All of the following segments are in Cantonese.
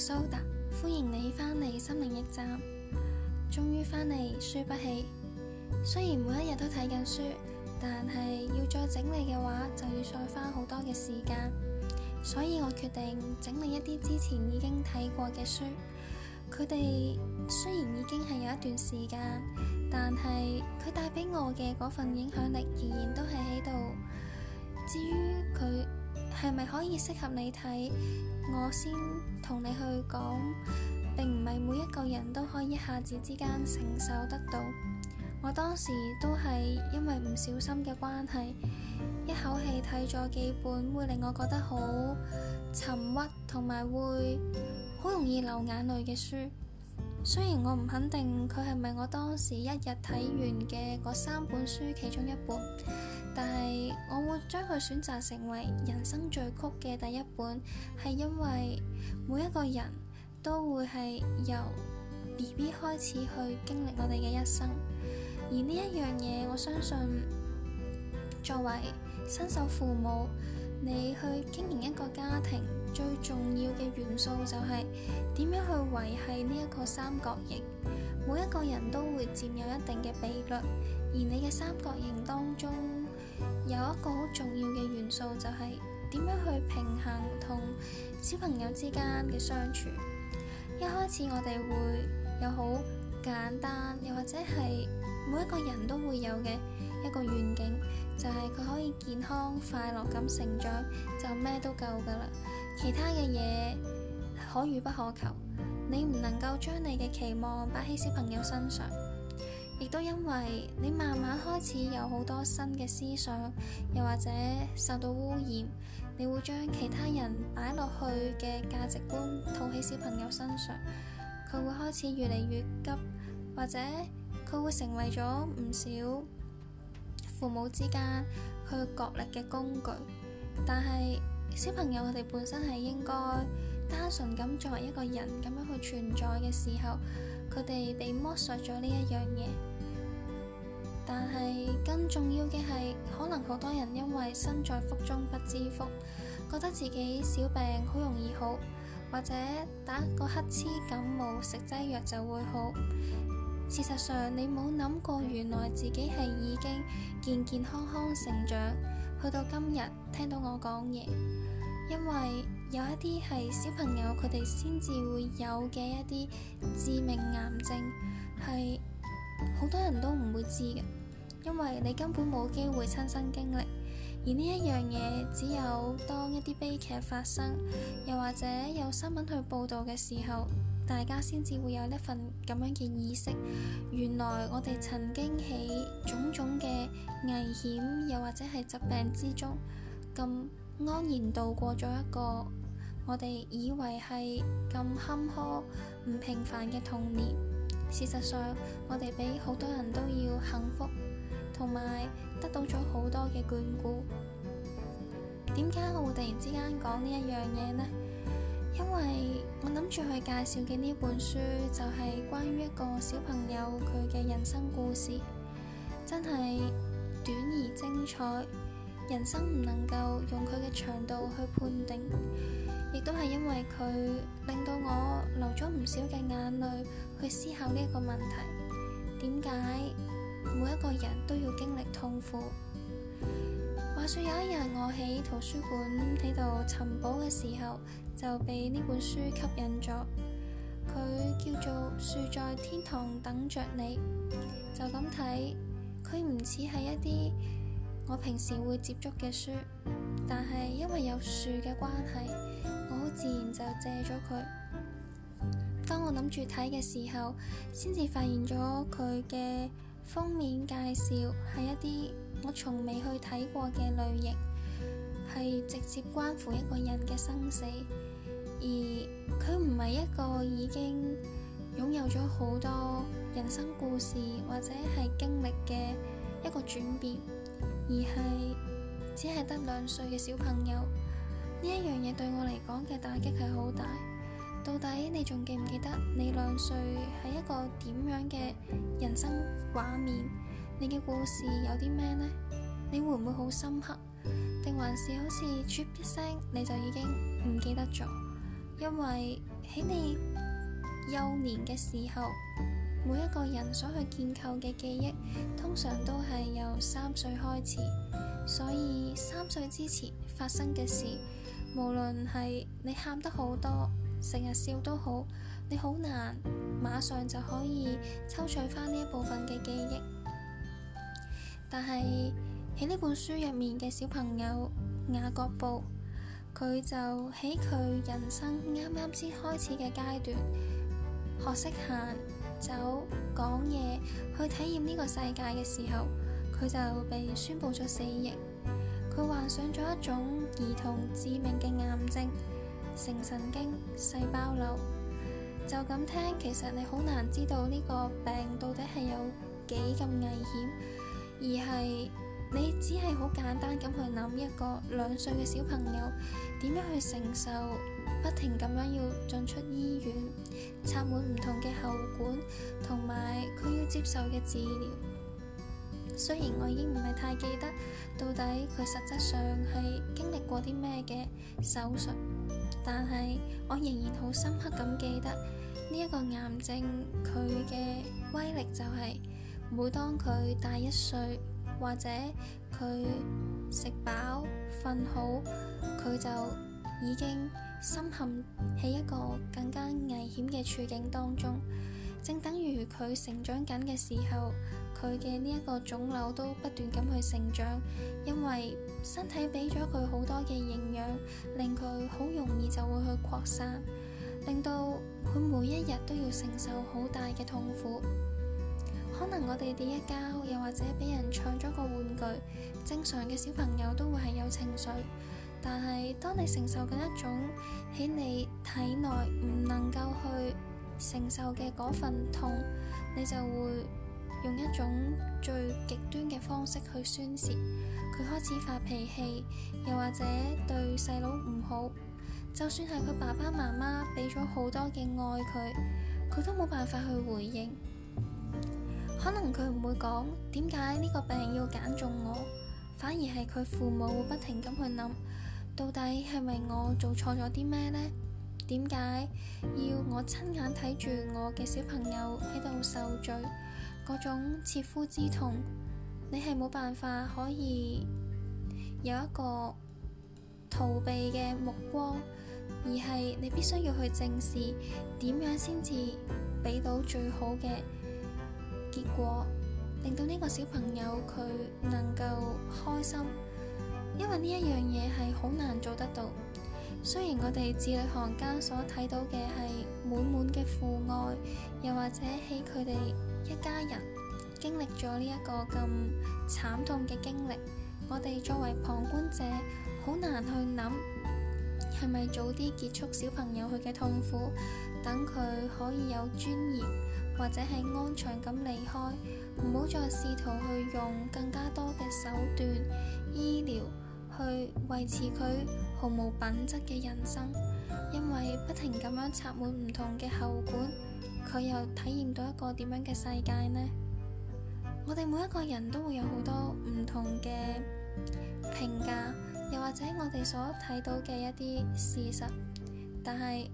蘇達，S S oda，歡迎你翻嚟心靈驛站。終於翻嚟，書不喜。雖然每一日都睇緊書，但係要再整理嘅話，就要再花好多嘅時間。所以我決定整理一啲之前已經睇過嘅書。佢哋雖然已經係有一段時間，但係佢帶俾我嘅嗰份影響力，仍然都係喺度。至於佢。係咪可以適合你睇？我先同你去講，並唔係每一個人都可以一下子之間承受得到。我當時都係因為唔小心嘅關係，一口氣睇咗幾本會令我覺得好沉鬱，同埋會好容易流眼淚嘅書。雖然我唔肯定佢係咪我當時一日睇完嘅嗰三本書其中一本，但係我會將佢選擇成為人生序曲嘅第一本，係因為每一個人都會係由 BB 開始去經歷我哋嘅一生，而呢一樣嘢，我相信作為新手父母。你去經營一個家庭最重要嘅元素就係點樣去維繫呢一個三角形，每一個人都會佔有一定嘅比率，而你嘅三角形當中有一個好重要嘅元素就係點樣去平衡同小朋友之間嘅相處。一開始我哋會有好簡單，又或者係每一個人都會有嘅。一個願景就係佢可以健康快樂咁成長，就咩都夠噶啦。其他嘅嘢可遇不可求，你唔能夠將你嘅期望擺喺小朋友身上，亦都因為你慢慢開始有好多新嘅思想，又或者受到污染，你會將其他人擺落去嘅價值觀套喺小朋友身上，佢會開始越嚟越急，或者佢會成為咗唔少父母之間去角力嘅工具，但係小朋友佢哋本身係應該單純咁作為一個人咁樣去存在嘅時候，佢哋被剝削咗呢一樣嘢。但係更重要嘅係，可能好多人因為身在福中不知福，覺得自己小病好容易好，或者打個乞嗤感冒食劑藥就會好。事實上，你冇諗過，原來自己係已經健健康康成長，去到今日聽到我講嘢。因為有一啲係小朋友佢哋先至會有嘅一啲致命癌症，係好多人都唔會知嘅，因為你根本冇機會親身經歷。而呢一樣嘢，只有當一啲悲劇發生，又或者有新聞去報道嘅時候。大家先至會有一份咁樣嘅意識，原來我哋曾經喺種種嘅危險又或者係疾病之中，咁安然度過咗一個我哋以為係咁坎坷唔平凡嘅童年。事實上，我哋比好多人都要幸福，同埋得到咗好多嘅眷顧。點解我會突然之間講呢一樣嘢呢？因為我諗住去介紹嘅呢本書就係關於一個小朋友佢嘅人生故事，真係短而精彩。人生唔能夠用佢嘅長度去判定，亦都係因為佢令到我流咗唔少嘅眼淚去思考呢一個問題：點解每一個人都要經歷痛苦？話說有一日我喺圖書館喺度尋寶嘅時候。就被呢本書吸引咗，佢叫做《樹在天堂等着你》，就咁睇。佢唔似係一啲我平時會接觸嘅書，但係因為有樹嘅關係，我好自然就借咗佢。當我諗住睇嘅時候，先至發現咗佢嘅封面介紹係一啲我從未去睇過嘅類型，係直接關乎一個人嘅生死。而佢唔係一個已經擁有咗好多人生故事或者係經歷嘅一個轉變，而係只係得兩歲嘅小朋友呢一樣嘢，對我嚟講嘅打擊係好大。到底你仲記唔記得你兩歲係一個點樣嘅人生畫面？你嘅故事有啲咩呢？你會唔會好深刻？定還是好似 cheap 一聲你就已經唔記得咗？因為喺你幼年嘅時候，每一個人所去建構嘅記憶，通常都係由三歲開始，所以三歲之前發生嘅事，無論係你喊得好多，成日笑都好，你好難馬上就可以抽取返呢一部分嘅記憶。但係喺呢本書入面嘅小朋友，雅各布。佢就喺佢人生啱啱先開始嘅階段，學識行、走、講嘢，去體驗呢個世界嘅時候，佢就被宣佈咗死刑。佢患上咗一種兒童致命嘅癌症——成神經細胞瘤。就咁聽，其實你好難知道呢個病到底係有幾咁危險，而係。你只係好簡單咁去諗一個兩歲嘅小朋友，點樣去承受不停咁樣要進出醫院，插滿唔同嘅喉管，同埋佢要接受嘅治療。雖然我已經唔係太記得到底佢實質上係經歷過啲咩嘅手術，但係我仍然好深刻咁記得呢一個癌症，佢嘅威力就係每當佢大一歲。或者佢食飽瞓好，佢就已經深陷喺一個更加危險嘅處境當中。正等於佢成長緊嘅時候，佢嘅呢一個腫瘤都不斷咁去成長，因為身體俾咗佢好多嘅營養，令佢好容易就會去擴散，令到佢每一日都要承受好大嘅痛苦。可能我哋跌一交，又或者俾人搶咗個玩具，正常嘅小朋友都會係有情緒。但係當你承受緊一種喺你體內唔能夠去承受嘅嗰份痛，你就會用一種最極端嘅方式去宣洩。佢開始發脾氣，又或者對細佬唔好。就算係佢爸爸媽媽俾咗好多嘅愛佢，佢都冇辦法去回應。可能佢唔會講，點解呢個病要揀中我？反而係佢父母會不停咁去諗，到底係咪我做錯咗啲咩呢？點解要我親眼睇住我嘅小朋友喺度受罪？嗰種切膚之痛，你係冇辦法可以有一個逃避嘅目光，而係你必須要去正視，點樣先至俾到最好嘅。結果令到呢個小朋友佢能夠開心，因為呢一樣嘢係好難做得到。雖然我哋字裏行間所睇到嘅係滿滿嘅父愛，又或者喺佢哋一家人經歷咗呢一個咁慘痛嘅經歷，我哋作為旁觀者，好難去諗係咪早啲結束小朋友佢嘅痛苦，等佢可以有尊嚴。或者係安詳咁離開，唔好再試圖去用更加多嘅手段醫療去維持佢毫無品質嘅人生，因為不停咁樣插滿唔同嘅喉管，佢又體驗到一個點樣嘅世界呢？我哋每一個人都會有好多唔同嘅評價，又或者我哋所睇到嘅一啲事實，但係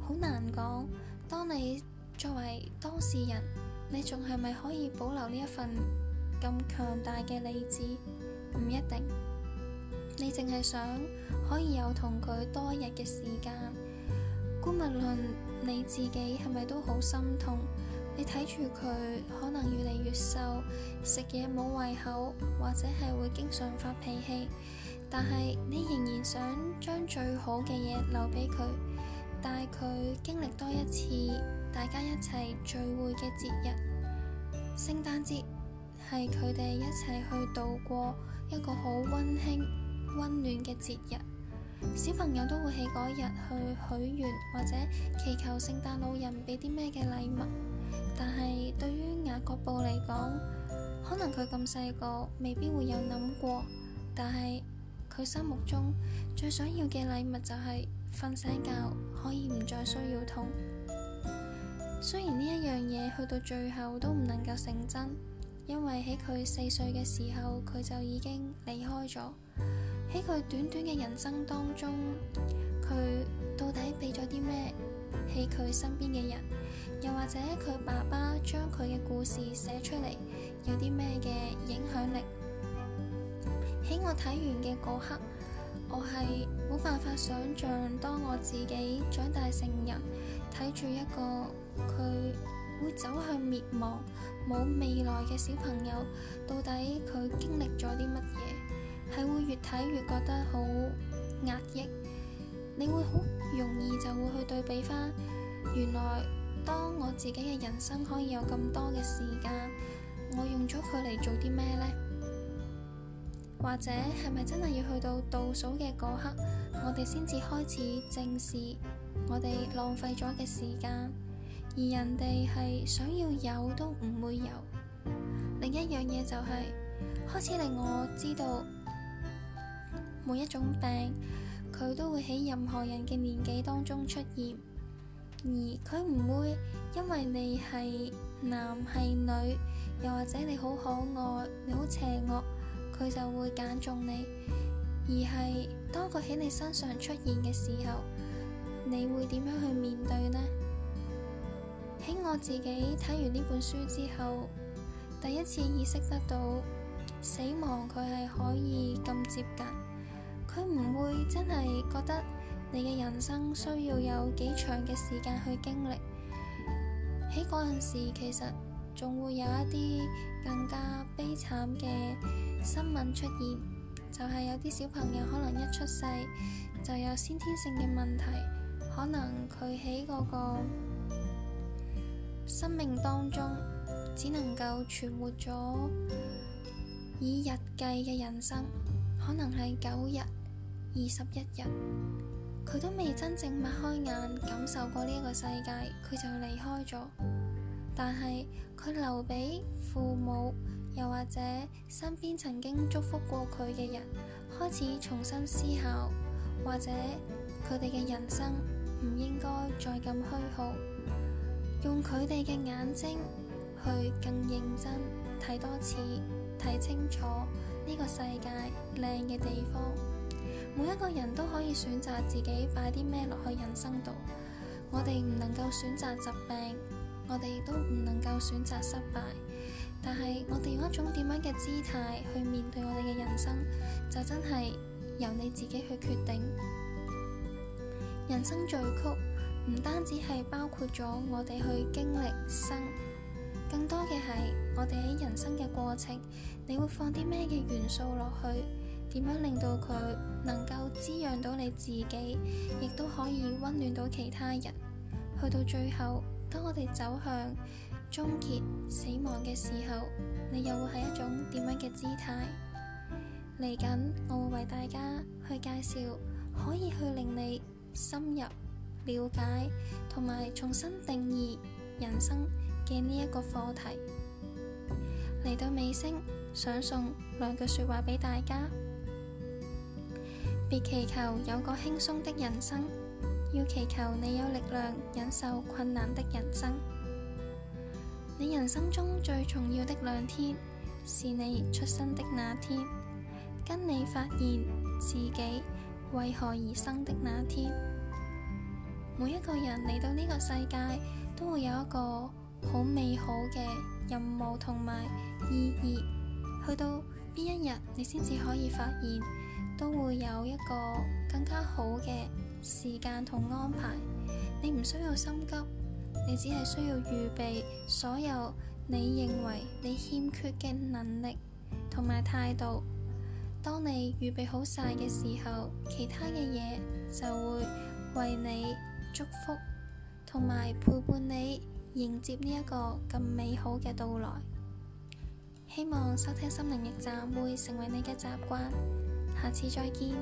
好難講，當你，作為當事人，你仲係咪可以保留呢一份咁強大嘅理智？唔一定。你淨係想可以有同佢多日嘅時間。姑勿論你自己係咪都好心痛，你睇住佢可能越嚟越瘦，食嘢冇胃口，或者係會經常發脾氣，但係你仍然想將最好嘅嘢留畀佢，帶佢經歷多一次。大家一齊聚會嘅節日，聖誕節係佢哋一齊去度過一個好溫馨、溫暖嘅節日。小朋友都會喺嗰日去許願，或者祈求聖誕老人俾啲咩嘅禮物。但係對於雅各布嚟講，可能佢咁細個未必會有諗過。但係佢心目中最想要嘅禮物就係瞓醒覺可以唔再需要痛。雖然呢一樣嘢，去到最後都唔能夠成真，因為喺佢四歲嘅時候，佢就已經離開咗。喺佢短短嘅人生當中，佢到底俾咗啲咩？喺佢身邊嘅人，又或者佢爸爸將佢嘅故事寫出嚟，有啲咩嘅影響力？喺我睇完嘅嗰刻，我係冇辦法想象，當我自己長大成人，睇住一個。佢會走向滅亡，冇未來嘅小朋友，到底佢經歷咗啲乜嘢？係會越睇越覺得好壓抑，你會好容易就會去對比翻。原來當我自己嘅人生可以有咁多嘅時間，我用咗佢嚟做啲咩呢？或者係咪真係要去到倒數嘅嗰刻，我哋先至開始正視我哋浪費咗嘅時間？而人哋係想要有都唔會有。另一樣嘢就係，開始令我知道，每一種病佢都會喺任何人嘅年紀當中出現，而佢唔會因為你係男係女，又或者你好可愛，你好邪惡，佢就會揀中你。而係當佢喺你身上出現嘅時候，你會點樣去面對呢？喺我自己睇完呢本書之後，第一次意識得到死亡佢係可以咁接近，佢唔會真係覺得你嘅人生需要有幾長嘅時間去經歷。喺嗰陣時，其實仲會有一啲更加悲慘嘅新聞出現，就係有啲小朋友可能一出世就有先天性嘅問題，可能佢喺嗰個生命當中只能夠存活咗以日計嘅人生，可能係九日，二十一日，佢都未真正擘開眼感受過呢個世界，佢就離開咗。但係佢留俾父母，又或者身邊曾經祝福過佢嘅人，開始重新思考，或者佢哋嘅人生唔應該再咁虛耗。用佢哋嘅眼睛去更認真睇多次，睇清楚呢個世界靚嘅地方。每一個人都可以選擇自己擺啲咩落去人生度。我哋唔能夠選擇疾病，我哋亦都唔能夠選擇失敗。但係我哋用一種點樣嘅姿態去面對我哋嘅人生，就真係由你自己去決定。人生序曲。唔單止係包括咗我哋去經歷生，更多嘅係我哋喺人生嘅過程，你會放啲咩嘅元素落去？點樣令到佢能夠滋養到你自己，亦都可以溫暖到其他人。去到最後，當我哋走向終結死亡嘅時候，你又會係一種點樣嘅姿態？嚟緊我會為大家去介紹，可以去令你深入。了解同埋重新定義人生嘅呢一個課題，嚟到尾聲，想送兩句說話俾大家。別祈求有個輕鬆的人生，要祈求你有力量忍受困難的人生。你人生中最重要的兩天，是你出生的那天，跟你發現自己為何而生的那天。每一個人嚟到呢個世界都會有一個好美好嘅任務同埋意義。去到邊一日你先至可以發現，都會有一個更加好嘅時間同安排。你唔需要心急，你只係需要預備所有你認為你欠缺嘅能力同埋態度。當你預備好晒嘅時候，其他嘅嘢就會為你。祝福，同埋陪伴你迎接呢一個咁美好嘅到來。希望收聽心靈驛站會成為你嘅習慣。下次再見。